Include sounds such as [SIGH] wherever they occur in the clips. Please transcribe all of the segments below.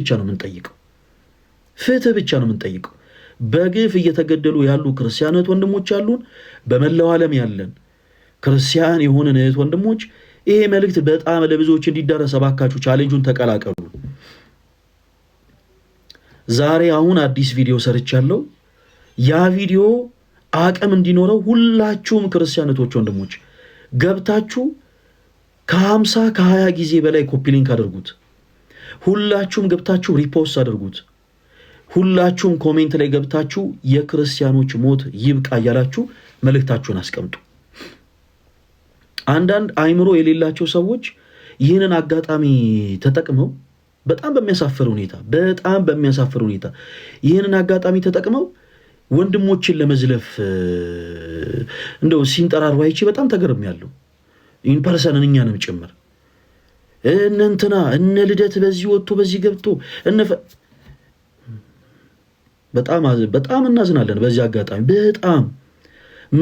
ብቻ ነው የምንጠይቀው። ፍትህ ብቻ ነው የምንጠይቀው። በግፍ እየተገደሉ ያሉ ክርስቲያነት ወንድሞች ያሉን በመላው ዓለም ያለን ክርስቲያን የሆነን እህት ወንድሞች ይሄ መልእክት በጣም ለብዙዎች እንዲዳረስ እባካችሁ ቻሌንጁን ተቀላቀሉ። ዛሬ አሁን አዲስ ቪዲዮ ሰርቻለሁ። ያ ቪዲዮ አቅም እንዲኖረው ሁላችሁም ክርስቲያነቶች ወንድሞች ገብታችሁ ከሀምሳ ከሀያ ጊዜ በላይ ኮፒሊንክ አድርጉት። ሁላችሁም ገብታችሁ ሪፖስት አድርጉት። ሁላችሁም ኮሜንት ላይ ገብታችሁ የክርስቲያኖች ሞት ይብቃ እያላችሁ መልእክታችሁን አስቀምጡ። አንዳንድ አይምሮ የሌላቸው ሰዎች ይህንን አጋጣሚ ተጠቅመው በጣም በሚያሳፍር ሁኔታ በጣም በሚያሳፍር ሁኔታ ይህንን አጋጣሚ ተጠቅመው ወንድሞችን ለመዝለፍ እንደው ሲንጠራሩ አይቼ በጣም ተገርሜያለሁ። ኢንፐርሰንን እኛንም ጭምር እነ እንትና እነ ልደት በዚህ ወጥቶ በዚህ ገብቶ እነፈ በጣም በጣም እናዝናለን። በዚህ አጋጣሚ በጣም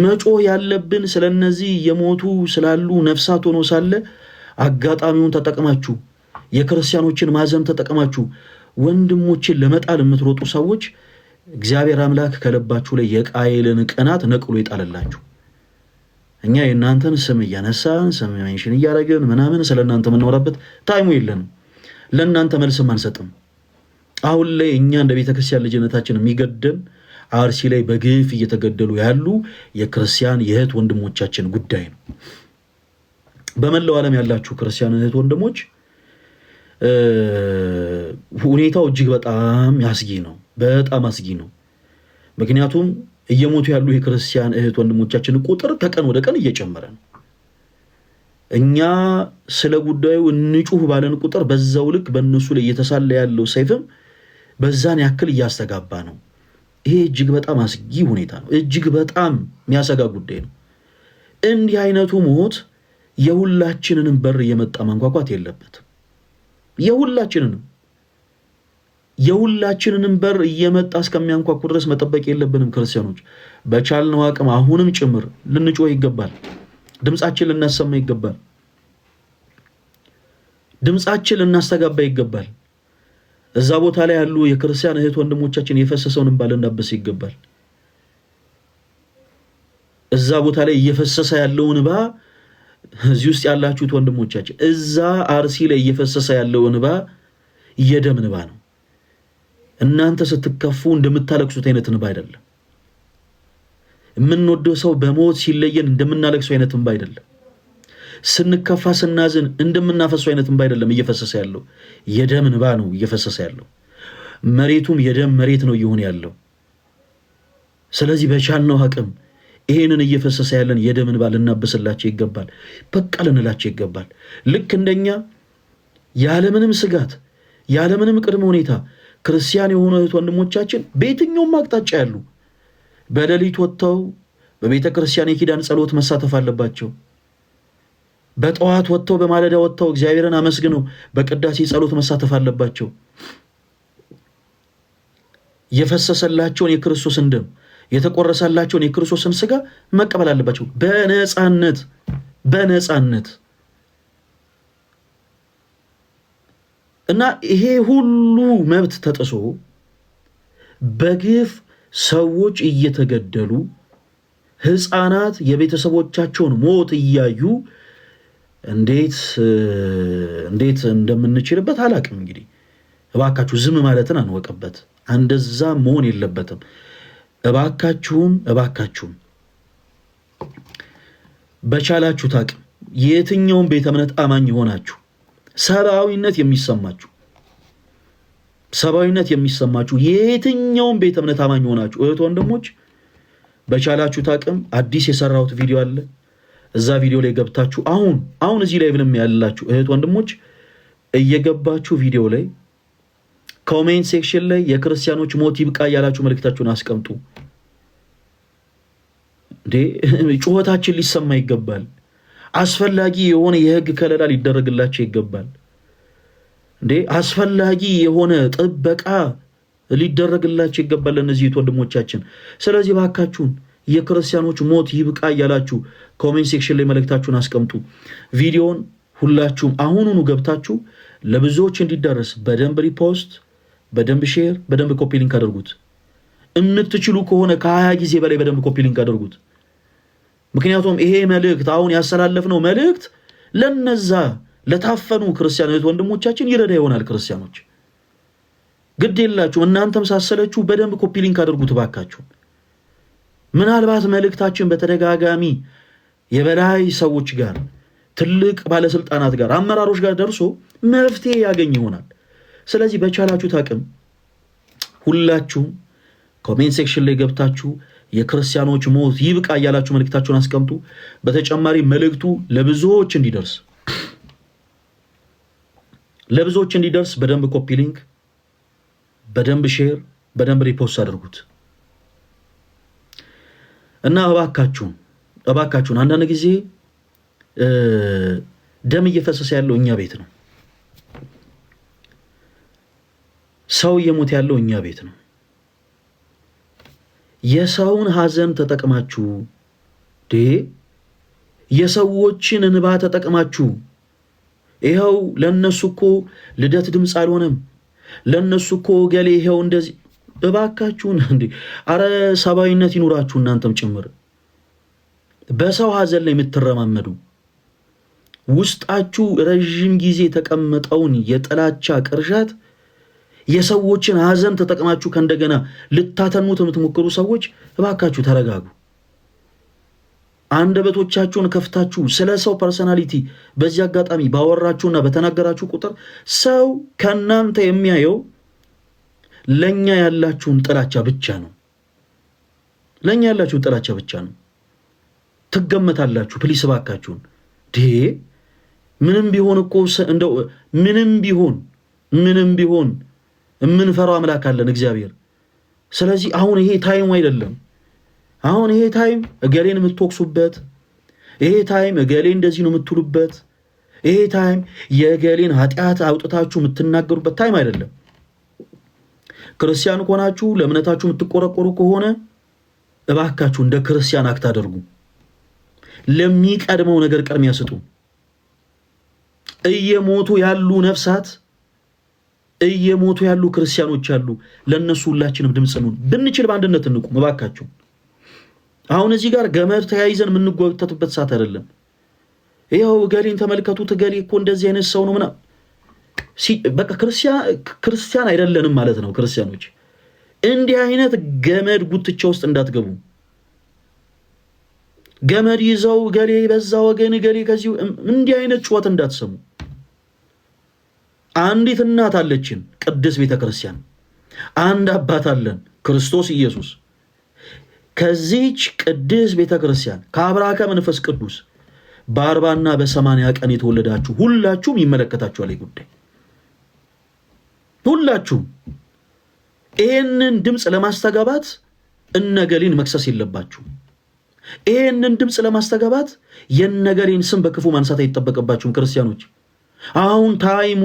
መጮህ ያለብን ስለነዚህ የሞቱ ስላሉ ነፍሳት ሆኖ ሳለ አጋጣሚውን ተጠቅማችሁ የክርስቲያኖችን ማዘን ተጠቅማችሁ ወንድሞችን ለመጣል የምትሮጡ ሰዎች እግዚአብሔር አምላክ ከልባችሁ ላይ የቃየልን ቅናት ነቅሎ ይጣልላችሁ። እኛ የእናንተን ስም እያነሳን ስም ሜንሽን እያደረግን ምናምን ስለ እናንተ የምናወራበት ታይሙ የለንም። ለእናንተ መልስም አንሰጥም። አሁን ላይ እኛ እንደ ቤተክርስቲያን ልጅነታችን የሚገደን አርሲ ላይ በግፍ እየተገደሉ ያሉ የክርስቲያን የእህት ወንድሞቻችን ጉዳይ ነው። በመላው ዓለም ያላችሁ ክርስቲያን እህት ወንድሞች ሁኔታው እጅግ በጣም አስጊ ነው። በጣም አስጊ ነው። ምክንያቱም እየሞቱ ያሉ የክርስቲያን እህት ወንድሞቻችን ቁጥር ከቀን ወደ ቀን እየጨመረ ነው። እኛ ስለ ጉዳዩ እንጩህ ባለን ቁጥር በዛው ልክ በእነሱ ላይ እየተሳለ ያለው ሰይፍም በዛን ያክል እያስተጋባ ነው። ይሄ እጅግ በጣም አስጊ ሁኔታ ነው። እጅግ በጣም የሚያሰጋ ጉዳይ ነው። እንዲህ አይነቱ ሞት የሁላችንንም በር እየመጣ መንኳኳት የለበትም። የሁላችንንም የሁላችንንም በር እየመጣ እስከሚያንኳኩ ድረስ መጠበቅ የለብንም። ክርስቲያኖች በቻልነው አቅም አሁንም ጭምር ልንጮህ ይገባል። ድምፃችን ልናሰማ ይገባል። ድምፃችን ልናስተጋባ ይገባል። እዛ ቦታ ላይ ያሉ የክርስቲያን እህት ወንድሞቻችን የፈሰሰውን እንባ ልናበስ ይገባል። እዛ ቦታ ላይ እየፈሰሰ ያለውን እንባ እዚህ ውስጥ ያላችሁት ወንድሞቻችን፣ እዛ አርሲ ላይ እየፈሰሰ ያለው እንባ የደም እንባ ነው። እናንተ ስትከፉ እንደምታለቅሱት አይነት እንባ አይደለም። የምንወደው ሰው በሞት ሲለየን እንደምናለቅሰው አይነት እንባ አይደለም። ስንከፋ ስናዝን እንደምናፈሰው አይነት እንባ አይደለም እየፈሰሰ ያለው የደም እንባ ነው እየፈሰሰ ያለው። መሬቱም የደም መሬት ነው እየሆነ ያለው። ስለዚህ በቻልነው አቅም ይሄንን እየፈሰሰ ያለን የደም እንባ ልናበስላቸው ይገባል። በቃ ልንላቸው ይገባል። ልክ እንደኛ ያለምንም ስጋት ያለምንም ቅድመ ሁኔታ ክርስቲያን የሆኑ እህት ወንድሞቻችን በየትኛውም አቅጣጫ ያሉ በሌሊት ወጥተው በቤተ ክርስቲያን የኪዳን ጸሎት መሳተፍ አለባቸው። በጠዋት ወጥተው በማለዳ ወጥተው እግዚአብሔርን አመስግነው በቅዳሴ ጸሎት መሳተፍ አለባቸው። የፈሰሰላቸውን የክርስቶስን ደም የተቆረሰላቸውን የክርስቶስን ስጋ መቀበል አለባቸው በነፃነት በነፃነት እና ይሄ ሁሉ መብት ተጥሶ በግፍ ሰዎች እየተገደሉ ህፃናት የቤተሰቦቻቸውን ሞት እያዩ እንዴት እንዴት እንደምንችልበት አላቅም። እንግዲህ እባካችሁ ዝም ማለትን አንወቅበት። እንደዛ መሆን የለበትም። እባካችሁም እባካችሁም በቻላችሁት አቅም የትኛውም ቤተ እምነት አማኝ ይሆናችሁ? ሰብአዊነት የሚሰማችሁ ሰብአዊነት የሚሰማችሁ የየትኛውን ቤተ እምነት አማኝ ሆናችሁ እህት ወንድሞች፣ በቻላችሁት አቅም አዲስ የሰራሁት ቪዲዮ አለ። እዛ ቪዲዮ ላይ ገብታችሁ አሁን አሁን እዚህ ላይ ብንም ያላችሁ እህት ወንድሞች እየገባችሁ ቪዲዮ ላይ ኮሜንት ሴክሽን ላይ የክርስቲያኖች ሞት ይብቃ እያላችሁ መልእክታችሁን አስቀምጡ። እንዴ [LAUGHS] ጩኸታችን ሊሰማ ይገባል። አስፈላጊ የሆነ የህግ ከለላ ሊደረግላቸው ይገባል። እንዴ አስፈላጊ የሆነ ጥበቃ ሊደረግላቸው ይገባል ለእነዚህ ወንድሞቻችን። ስለዚህ ባካችሁን የክርስቲያኖች ሞት ይብቃ እያላችሁ ኮሜንት ሴክሽን ላይ መልእክታችሁን አስቀምጡ። ቪዲዮን ሁላችሁም አሁኑኑ ገብታችሁ ለብዙዎች እንዲደረስ በደንብ ሪፖስት፣ በደንብ ሼር፣ በደንብ ኮፒ ሊንክ አድርጉት። የምትችሉ ከሆነ ከሀያ ጊዜ በላይ በደንብ ኮፒ ሊንክ አድርጉት። ምክንያቱም ይሄ መልእክት አሁን ያስተላለፍነው መልእክት ለነዛ ለታፈኑ ክርስቲያኖች ወንድሞቻችን ይረዳ ይሆናል። ክርስቲያኖች ግድ የላችሁ እናንተም ሳሰለችሁ በደንብ ሊንክ አድርጉት ባካችሁ። ምናልባት መልእክታችን በተደጋጋሚ የበላይ ሰዎች ጋር፣ ትልቅ ባለስልጣናት ጋር፣ አመራሮች ጋር ደርሶ መፍትሄ ያገኝ ይሆናል። ስለዚህ በቻላችሁት አቅም ሁላችሁም ኮሜንት ሴክሽን ላይ ገብታችሁ የክርስቲያኖች ሞት ይብቃ እያላችሁ መልእክታችሁን አስቀምጡ። በተጨማሪ መልእክቱ ለብዙዎች እንዲደርስ ለብዙዎች እንዲደርስ በደንብ ኮፒ ሊንክ፣ በደንብ ሼር፣ በደንብ ሪፖስት አድርጉት እና እባካችሁን እባካችሁን አንዳንድ ጊዜ ደም እየፈሰሰ ያለው እኛ ቤት ነው። ሰው እየሞተ ያለው እኛ ቤት ነው። የሰውን ሐዘን ተጠቅማችሁ ዴ የሰዎችን እንባ ተጠቅማችሁ ይኸው ለእነሱ እኮ ልደት ድምፅ አልሆነም፣ ለእነሱ እኮ ገሌ ይኸው እንደዚህ። እባካችሁን [LAUGHS] እንዴ! አረ ሰብአዊነት ይኑራችሁ እናንተም ጭምር በሰው ሐዘን ላይ የምትረማመዱ ውስጣችሁ ረዥም ጊዜ የተቀመጠውን የጥላቻ ቅርሻት የሰዎችን ሀዘን ተጠቅማችሁ ከእንደገና ልታተኑት የምትሞክሩ ሰዎች እባካችሁ ተረጋጉ። አንደበቶቻችሁን ከፍታችሁ ስለ ሰው ፐርሰናሊቲ በዚህ አጋጣሚ ባወራችሁና በተናገራችሁ ቁጥር ሰው ከእናንተ የሚያየው ለእኛ ያላችሁን ጥላቻ ብቻ ነው። ለእኛ ያላችሁን ጥላቻ ብቻ ነው። ትገመታላችሁ። ፕሊስ እባካችሁን ዴ ምንም ቢሆን እኮ እንደው ምንም ቢሆን ምንም ቢሆን የምንፈራው አምላክ አለን እግዚአብሔር። ስለዚህ አሁን ይሄ ታይም አይደለም። አሁን ይሄ ታይም እገሌን የምትወቅሱበት፣ ይሄ ታይም እገሌ እንደዚህ ነው የምትሉበት፣ ይሄ ታይም የእገሌን ኃጢአት አውጥታችሁ የምትናገሩበት ታይም አይደለም። ክርስቲያን ከሆናችሁ ለእምነታችሁ የምትቆረቆሩ ከሆነ እባካችሁ እንደ ክርስቲያን አክት አደርጉ። ለሚቀድመው ነገር ቅድሚያ ስጡ። እየሞቱ ያሉ ነፍሳት እየሞቱ ያሉ ክርስቲያኖች አሉ። ለእነሱ ሁላችንም ድምፅ ኑን፣ ብንችል በአንድነት እንቁም እባካችሁ። አሁን እዚህ ጋር ገመድ ተያይዘን የምንጓተትበት ሰዓት አይደለም። ይኸው እገሌን ተመልከቱት፣ እገሌ እኮ እንደዚህ አይነት ሰው ነው ምናምን። በቃ ክርስቲያን አይደለንም ማለት ነው። ክርስቲያኖች እንዲህ አይነት ገመድ ጉትቻ ውስጥ እንዳትገቡ። ገመድ ይዘው እገሌ በዛ ወገን፣ እገሌ ከዚሁ እንዲህ አይነት ጩኸት እንዳትሰሙ። አንዲት እናት አለችን ቅድስት ቤተ ክርስቲያን፣ አንድ አባት አለን ክርስቶስ ኢየሱስ። ከዚች ቅድስት ቤተ ክርስቲያን ከአብራከ መንፈስ ቅዱስ በአርባና በሰማንያ ቀን የተወለዳችሁ ሁላችሁም ይመለከታችኋል ጉዳይ ሁላችሁም ይህንን ድምፅ ለማስተጋባት እነገሌን መክሰስ የለባችሁ። ይህንን ድምፅ ለማስተጋባት የነገሌን ስም በክፉ ማንሳት አይጠበቅባችሁም ክርስቲያኖች። አሁን ታይሙ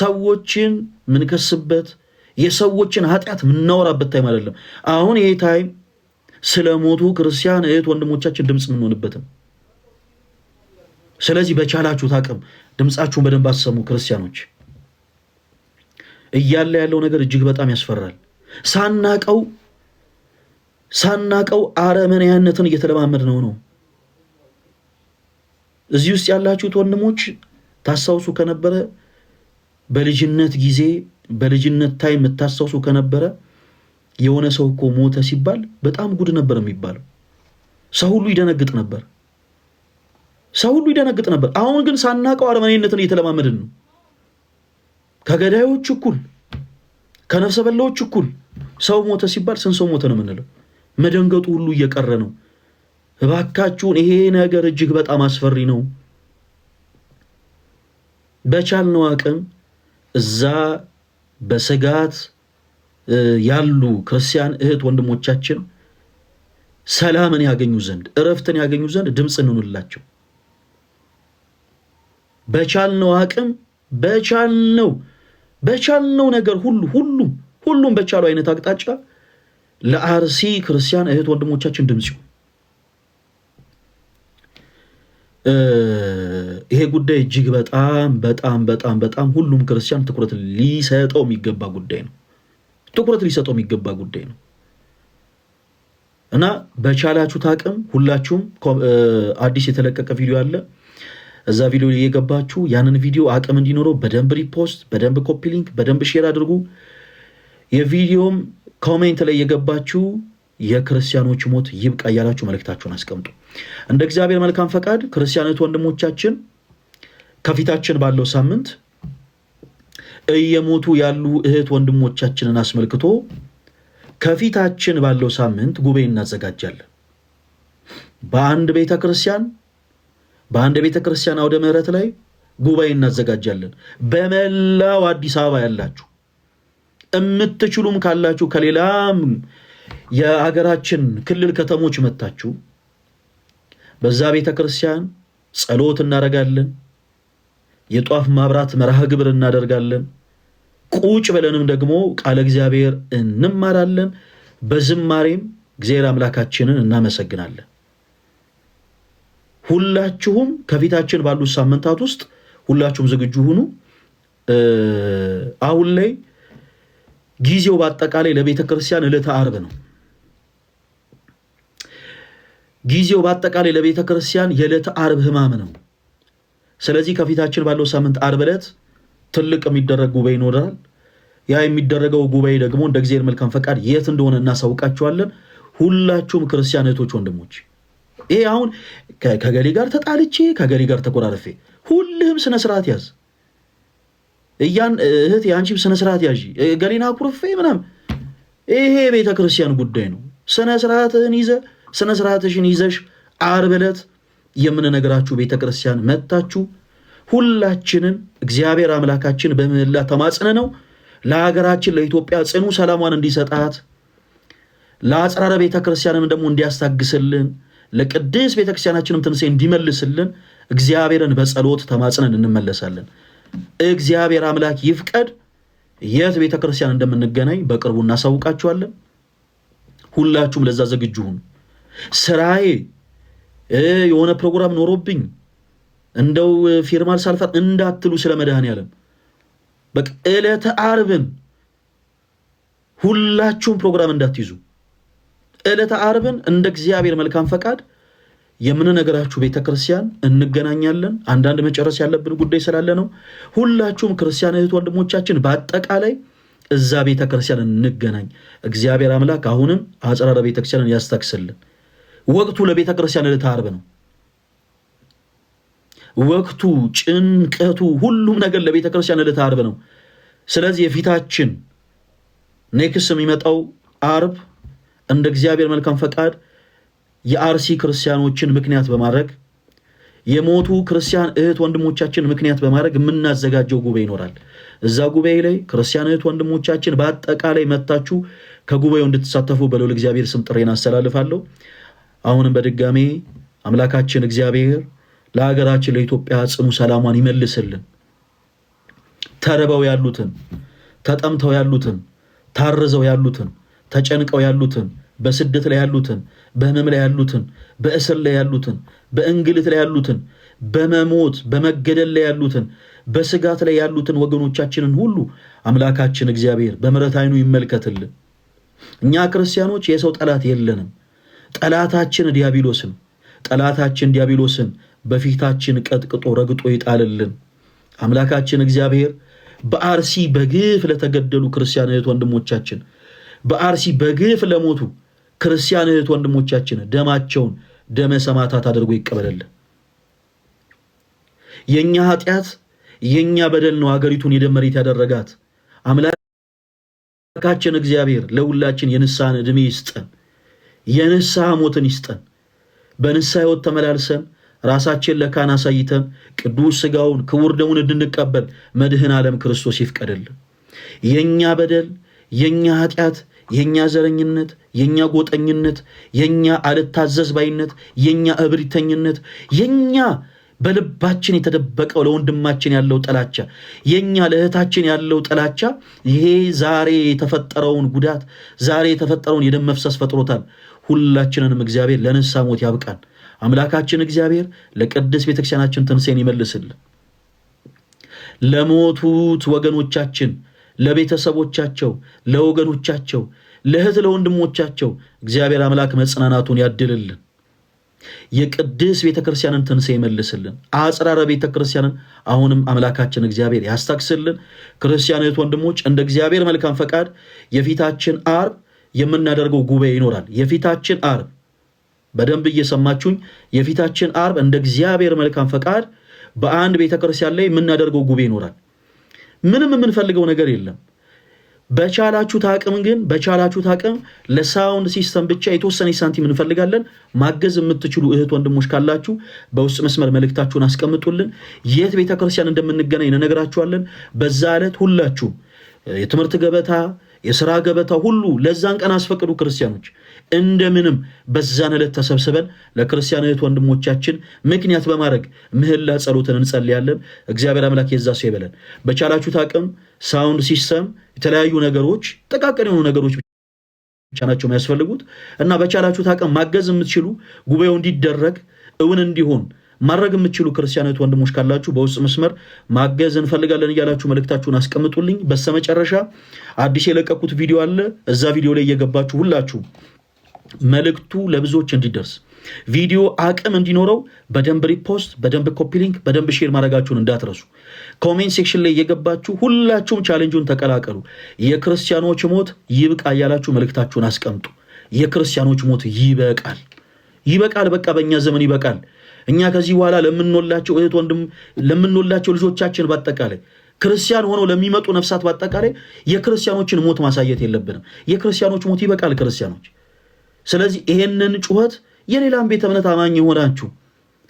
ሰዎችን ምንከስበት የሰዎችን ኃጢአት ምናወራበት ታይም አይደለም። አሁን ይህ ታይም ስለ ሞቱ ክርስቲያን እህት ወንድሞቻችን ድምፅ ምንሆንበትም። ስለዚህ በቻላችሁት አቅም ድምፃችሁን በደንብ አሰሙ ክርስቲያኖች። እያለ ያለው ነገር እጅግ በጣም ያስፈራል። ሳናቀው ሳናቀው አረመኔያነትን እየተለማመድ ነው ነው እዚህ ውስጥ ያላችሁት ወንድሞች ታስታውሱ ከነበረ በልጅነት ጊዜ በልጅነት ታይም የምታስታውሱ ከነበረ የሆነ ሰው እኮ ሞተ ሲባል በጣም ጉድ ነበር የሚባለው። ሰው ሁሉ ይደነግጥ ነበር። ሰው ሁሉ ይደነግጥ ነበር። አሁን ግን ሳናቀው አረመኔነትን እየተለማመድን ነው። ከገዳዮች እኩል፣ ከነፍሰ በላዎች እኩል ሰው ሞተ ሲባል ስንት ሰው ሞተ ነው የምንለው። መደንገጡ ሁሉ እየቀረ ነው። እባካችሁን ይሄ ነገር እጅግ በጣም አስፈሪ ነው። በቻልነው አቅም እዛ በስጋት ያሉ ክርስቲያን እህት ወንድሞቻችን ሰላምን ያገኙ ዘንድ እረፍትን ያገኙ ዘንድ ድምፅ እንኑላቸው። በቻልነው አቅም በቻልነው በቻልነው ነገር ሁሉ ሁሉም ሁሉም በቻሉ አይነት አቅጣጫ ለአርሲ ክርስቲያን እህት ወንድሞቻችን ድምፅ ይሁን። ይሄ ጉዳይ እጅግ በጣም በጣም በጣም በጣም ሁሉም ክርስቲያን ትኩረት ሊሰጠው የሚገባ ጉዳይ ነው። ትኩረት ሊሰጠው የሚገባ ጉዳይ ነው እና በቻላችሁት አቅም ሁላችሁም አዲስ የተለቀቀ ቪዲዮ አለ። እዛ ቪዲዮ እየገባችሁ ያንን ቪዲዮ አቅም እንዲኖረው በደንብ ሪፖስት፣ በደንብ ኮፒ ሊንክ፣ በደንብ ሼር አድርጉ። የቪዲዮም ኮሜንት ላይ የገባችሁ የክርስቲያኖች ሞት ይብቃ እያላችሁ መልእክታችሁን አስቀምጡ። እንደ እግዚአብሔር መልካም ፈቃድ ክርስቲያኖች ወንድሞቻችን ከፊታችን ባለው ሳምንት እየሞቱ ያሉ እህት ወንድሞቻችንን አስመልክቶ ከፊታችን ባለው ሳምንት ጉባኤ እናዘጋጃለን። በአንድ ቤተ ክርስቲያን በአንድ ቤተ ክርስቲያን አውደ ምሕረት ላይ ጉባኤ እናዘጋጃለን። በመላው አዲስ አበባ ያላችሁ የምትችሉም ካላችሁ ከሌላም የሀገራችን ክልል ከተሞች መጥታችሁ በዛ ቤተ ክርስቲያን ጸሎት እናደርጋለን። የጧፍ ማብራት መርሃ ግብር እናደርጋለን። ቁጭ ብለንም ደግሞ ቃለ እግዚአብሔር እንማራለን። በዝማሬም እግዚአብሔር አምላካችንን እናመሰግናለን። ሁላችሁም ከፊታችን ባሉት ሳምንታት ውስጥ ሁላችሁም ዝግጁ ሁኑ። አሁን ላይ ጊዜው በአጠቃላይ ለቤተ ክርስቲያን ዕለተ ዓርብ ነው። ጊዜው በአጠቃላይ ለቤተ ክርስቲያን የዕለተ ዓርብ ሕማም ነው። ስለዚህ ከፊታችን ባለው ሳምንት አርብ ዕለት ትልቅ የሚደረግ ጉባኤ ይኖራል። ያ የሚደረገው ጉባኤ ደግሞ እንደ እግዚአብሔር መልካም ፈቃድ የት እንደሆነ እናሳውቃቸዋለን። ሁላችሁም ክርስቲያን እህቶች፣ ወንድሞች ይሄ አሁን ከገሌ ጋር ተጣልቼ ከገሌ ጋር ተቆራርፌ፣ ሁልህም ስነስርዓት ያዝ እያን እህት የአንቺም ስነስርዓት ያዥ፣ ገሌና ኩርፌ ምናምን ይሄ የቤተ ክርስቲያን ጉዳይ ነው። ስነስርዓትህን ይዘህ ስነስርዓትሽን ይዘሽ አርብ ዕለት የምንነግራችሁ ቤተ ክርስቲያን መጥታችሁ ሁላችንም እግዚአብሔር አምላካችን በምህላ ተማጽነ ነው ለሀገራችን ለኢትዮጵያ ጽኑ ሰላሟን እንዲሰጣት ለአጽራረ ቤተ ክርስቲያንም ደግሞ እንዲያስታግስልን ለቅድስ ቤተ ክርስቲያናችንም ትንሣኤ እንዲመልስልን እግዚአብሔርን በጸሎት ተማጽነን እንመለሳለን። እግዚአብሔር አምላክ ይፍቀድ። የት ቤተ ክርስቲያን እንደምንገናኝ በቅርቡ እናሳውቃችኋለን። ሁላችሁም ለዛ ዝግጁ ሁኑ። ስራዬ የሆነ ፕሮግራም ኖሮብኝ እንደው ፊርማል ሳልፋት እንዳትሉ ስለ መድኃኔዓለም በቃ ዕለተ ዓርብን ሁላችሁም ፕሮግራም እንዳትይዙ ዕለተ ዓርብን እንደ እግዚአብሔር መልካም ፈቃድ የምንነገራችሁ ቤተ ክርስቲያን እንገናኛለን። አንዳንድ መጨረስ ያለብን ጉዳይ ስላለ ነው። ሁላችሁም ክርስቲያን እህት ወንድሞቻችን በአጠቃላይ እዛ ቤተ ክርስቲያን እንገናኝ። እግዚአብሔር አምላክ አሁንም አጽራረ ቤተ ክርስቲያንን ያስታክስልን። ወቅቱ ለቤተ ክርስቲያን ዕለተ ዓርብ ነው። ወቅቱ ጭንቀቱ፣ ሁሉም ነገር ለቤተ ክርስቲያን ዕለተ ዓርብ ነው። ስለዚህ የፊታችን ኔክስ የሚመጣው ዓርብ እንደ እግዚአብሔር መልካም ፈቃድ የአርሲ ክርስቲያኖችን ምክንያት በማድረግ የሞቱ ክርስቲያን እህት ወንድሞቻችን ምክንያት በማድረግ የምናዘጋጀው ጉባኤ ይኖራል። እዛ ጉባኤ ላይ ክርስቲያን እህት ወንድሞቻችን በአጠቃላይ መታችሁ ከጉባኤው እንድትሳተፉ በልዑል እግዚአብሔር ስም ጥሬን አስተላልፋለሁ። አሁንም በድጋሜ አምላካችን እግዚአብሔር ለሀገራችን ለኢትዮጵያ ጽኑ ሰላሟን ይመልስልን። ተርበው ያሉትን፣ ተጠምተው ያሉትን፣ ታርዘው ያሉትን፣ ተጨንቀው ያሉትን፣ በስደት ላይ ያሉትን፣ በህመም ላይ ያሉትን፣ በእስር ላይ ያሉትን፣ በእንግልት ላይ ያሉትን፣ በመሞት በመገደል ላይ ያሉትን፣ በስጋት ላይ ያሉትን ወገኖቻችንን ሁሉ አምላካችን እግዚአብሔር በምሕረት ዓይኑ ይመልከትልን። እኛ ክርስቲያኖች የሰው ጠላት የለንም። ጠላታችን ዲያብሎስን ጠላታችን ዲያብሎስን በፊታችን ቀጥቅጦ ረግጦ ይጣልልን። አምላካችን እግዚአብሔር በአርሲ በግፍ ለተገደሉ ክርስቲያን እህት ወንድሞቻችን በአርሲ በግፍ ለሞቱ ክርስቲያን እህት ወንድሞቻችን ደማቸውን ደመ ሰማዕታት አድርጎ ይቀበለልን። የእኛ ኃጢአት የእኛ በደል ነው አገሪቱን የደመሬት ያደረጋት። አምላካችን እግዚአብሔር ለሁላችን የንስሐን ዕድሜ ይስጠን። የንስሐ ሞትን ይስጠን። በንስሐ ሕይወት ተመላልሰን ራሳችን ለካህን አሳይተን ቅዱስ ሥጋውን ክቡር ደሙን እንድንቀበል መድህን ዓለም ክርስቶስ ይፍቀድልን። የእኛ በደል፣ የእኛ ኃጢአት፣ የእኛ ዘረኝነት፣ የእኛ ጎጠኝነት፣ የእኛ አልታዘዝ ባይነት፣ የእኛ እብሪተኝነት፣ የእኛ በልባችን የተደበቀው ለወንድማችን ያለው ጥላቻ፣ የኛ ለእህታችን ያለው ጥላቻ ይሄ ዛሬ የተፈጠረውን ጉዳት ዛሬ የተፈጠረውን የደም መፍሰስ ፈጥሮታል። ሁላችንንም እግዚአብሔር ለንሳ ሞት ያብቃን። አምላካችን እግዚአብሔር ለቅድስት ቤተክርስቲያናችን ትንሣኤን ይመልስል። ለሞቱት ወገኖቻችን፣ ለቤተሰቦቻቸው፣ ለወገኖቻቸው፣ ለእህት ለወንድሞቻቸው እግዚአብሔር አምላክ መጽናናቱን ያድልልን። የቅድስ ቤተ ክርስቲያንን ትንሣኤ ይመልስልን። አጽራረ ቤተ ክርስቲያንን አሁንም አምላካችን እግዚአብሔር ያስታክስልን። ክርስቲያኖች ወንድሞች፣ እንደ እግዚአብሔር መልካም ፈቃድ የፊታችን አርብ የምናደርገው ጉባኤ ይኖራል። የፊታችን አርብ በደንብ እየሰማችሁኝ፣ የፊታችን አርብ እንደ እግዚአብሔር መልካም ፈቃድ በአንድ ቤተ ክርስቲያን ላይ የምናደርገው ጉባኤ ይኖራል። ምንም የምንፈልገው ነገር የለም። በቻላችሁት አቅም ግን በቻላችሁት አቅም ለሳውንድ ሲስተም ብቻ የተወሰነ ሳንቲም እንፈልጋለን። ማገዝ የምትችሉ እህት ወንድሞች ካላችሁ በውስጥ መስመር መልእክታችሁን አስቀምጡልን። የት ቤተክርስቲያን እንደምንገናኝ እንነግራችኋለን። በዛ ዕለት ሁላችሁ የትምህርት ገበታ፣ የስራ ገበታ ሁሉ ለዛን ቀን አስፈቅዱ ክርስቲያኖች እንደምንም በዛን ዕለት ተሰብስበን ለክርስቲያን እህት ወንድሞቻችን ምክንያት በማድረግ ምህላ ጸሎትን እንጸልያለን። እግዚአብሔር አምላክ የዛ ሰው ይበለን። በቻላችሁት አቅም ሳውንድ ሲስተም፣ የተለያዩ ነገሮች፣ ጥቃቅን የሆኑ ነገሮች ብቻ ናቸው የሚያስፈልጉት እና በቻላችሁት አቅም ማገዝ የምትችሉ ጉባኤው እንዲደረግ እውን እንዲሆን ማድረግ የምትችሉ ክርስቲያኖች ወንድሞች ካላችሁ በውስጥ መስመር ማገዝ እንፈልጋለን እያላችሁ መልእክታችሁን አስቀምጡልኝ። በስተመጨረሻ አዲስ የለቀኩት ቪዲዮ አለ። እዛ ቪዲዮ ላይ እየገባችሁ ሁላችሁ መልእክቱ ለብዙዎች እንዲደርስ ቪዲዮ አቅም እንዲኖረው በደንብ ሪፖስት፣ በደንብ ኮፒሊንክ፣ በደንብ ሼር ማድረጋችሁን እንዳትረሱ። ኮሜንት ሴክሽን ላይ እየገባችሁ ሁላችሁም ቻሌንጁን ተቀላቀሉ። የክርስቲያኖች ሞት ይብቃ እያላችሁ መልእክታችሁን አስቀምጡ። የክርስቲያኖች ሞት ይበቃል፣ ይበቃል። በቃ በእኛ ዘመን ይበቃል። እኛ ከዚህ በኋላ ለምንወላቸው እህት ወንድም፣ ለምንወላቸው ልጆቻችን በአጠቃላይ ክርስቲያን ሆኖ ለሚመጡ ነፍሳት በአጠቃላይ የክርስቲያኖችን ሞት ማሳየት የለብንም። የክርስቲያኖች ሞት ይበቃል። ክርስቲያኖች ስለዚህ ይሄንን ጩኸት የሌላም ቤተ እምነት አማኝ የሆናችሁ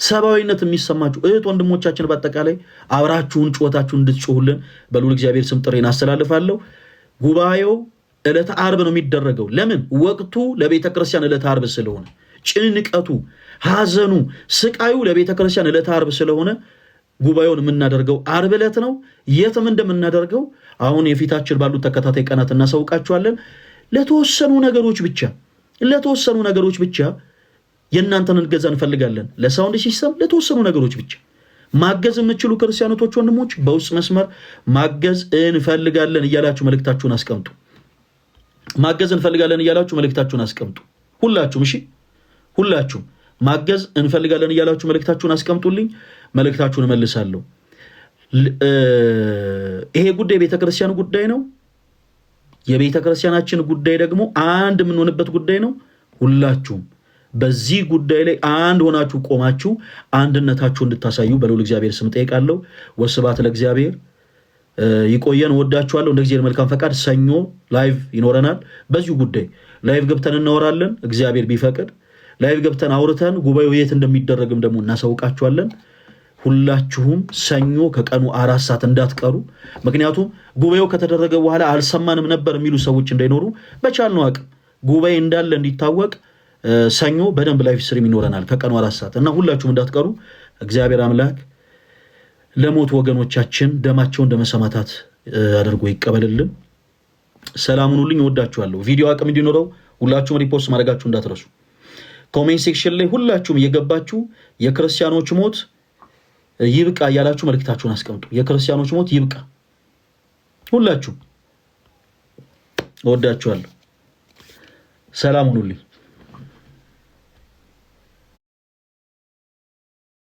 ሰብአዊነት የሚሰማችሁ እህት ወንድሞቻችን በአጠቃላይ አብራችሁን ጩኸታችሁን እንድትጮሁልን በልዑል እግዚአብሔር ስም ጥሬን አስተላልፋለሁ። ጉባኤው ዕለተ ዓርብ ነው የሚደረገው። ለምን? ወቅቱ ለቤተ ክርስቲያን ዕለተ ዓርብ ስለሆነ፣ ጭንቀቱ፣ ሐዘኑ፣ ስቃዩ ለቤተ ክርስቲያን ዕለተ ዓርብ ስለሆነ ጉባኤውን የምናደርገው ዓርብ ዕለት ነው። የትም እንደምናደርገው አሁን የፊታችን ባሉት ተከታታይ ቀናት እናሳውቃችኋለን። ለተወሰኑ ነገሮች ብቻ ለተወሰኑ ነገሮች ብቻ የእናንተን እገዛ እንፈልጋለን። ለሳውንድ ሲስተም ለተወሰኑ ነገሮች ብቻ ማገዝ የምችሉ ክርስቲያኖቶች ወንድሞች፣ በውስጥ መስመር ማገዝ እንፈልጋለን እያላችሁ መልእክታችሁን አስቀምጡ። ማገዝ እንፈልጋለን እያላችሁ መልእክታችሁን አስቀምጡ። ሁላችሁም፣ እሺ፣ ሁላችሁም ማገዝ እንፈልጋለን እያላችሁ መልእክታችሁን አስቀምጡልኝ። መልእክታችሁን እመልሳለሁ። ይሄ ጉዳይ ቤተክርስቲያን ጉዳይ ነው። የቤተ ክርስቲያናችን ጉዳይ ደግሞ አንድ የምንሆንበት ጉዳይ ነው። ሁላችሁም በዚህ ጉዳይ ላይ አንድ ሆናችሁ ቆማችሁ አንድነታችሁ እንድታሳዩ በልዑል እግዚአብሔር ስም ጠይቃለሁ። ወስብሐት ለእግዚአብሔር። ይቆየን። ወዳችኋለሁ። እንደ እግዚአብሔር መልካም ፈቃድ ሰኞ ላይቭ ይኖረናል። በዚሁ ጉዳይ ላይቭ ገብተን እናወራለን። እግዚአብሔር ቢፈቅድ ላይቭ ገብተን አውርተን ጉባኤው የት እንደሚደረግም ደግሞ እናሳውቃችኋለን። ሁላችሁም ሰኞ ከቀኑ አራት ሰዓት እንዳትቀሩ። ምክንያቱም ጉባኤው ከተደረገ በኋላ አልሰማንም ነበር የሚሉ ሰዎች እንዳይኖሩ በቻልነው አቅም ጉባኤ እንዳለ እንዲታወቅ ሰኞ በደንብ ላይፍ ስትሪም ይኖረናል ከቀኑ አራት ሰዓት እና ሁላችሁም እንዳትቀሩ። እግዚአብሔር አምላክ ለሞት ወገኖቻችን ደማቸውን እንደመሰማታት አድርጎ ይቀበልልን። ሰላሙን ሁሉኝ እወዳችኋለሁ። ቪዲዮ አቅም እንዲኖረው ሁላችሁም ሪፖርት ማድረጋችሁ እንዳትረሱ። ኮሜንት ሴክሽን ላይ ሁላችሁም እየገባችሁ የክርስቲያኖች ሞት ይብቃ እያላችሁ መልእክታችሁን አስቀምጡ። የክርስቲያኖች ሞት ይብቃ። ሁላችሁ እወዳችኋለሁ። ሰላም ሁኑልኝ።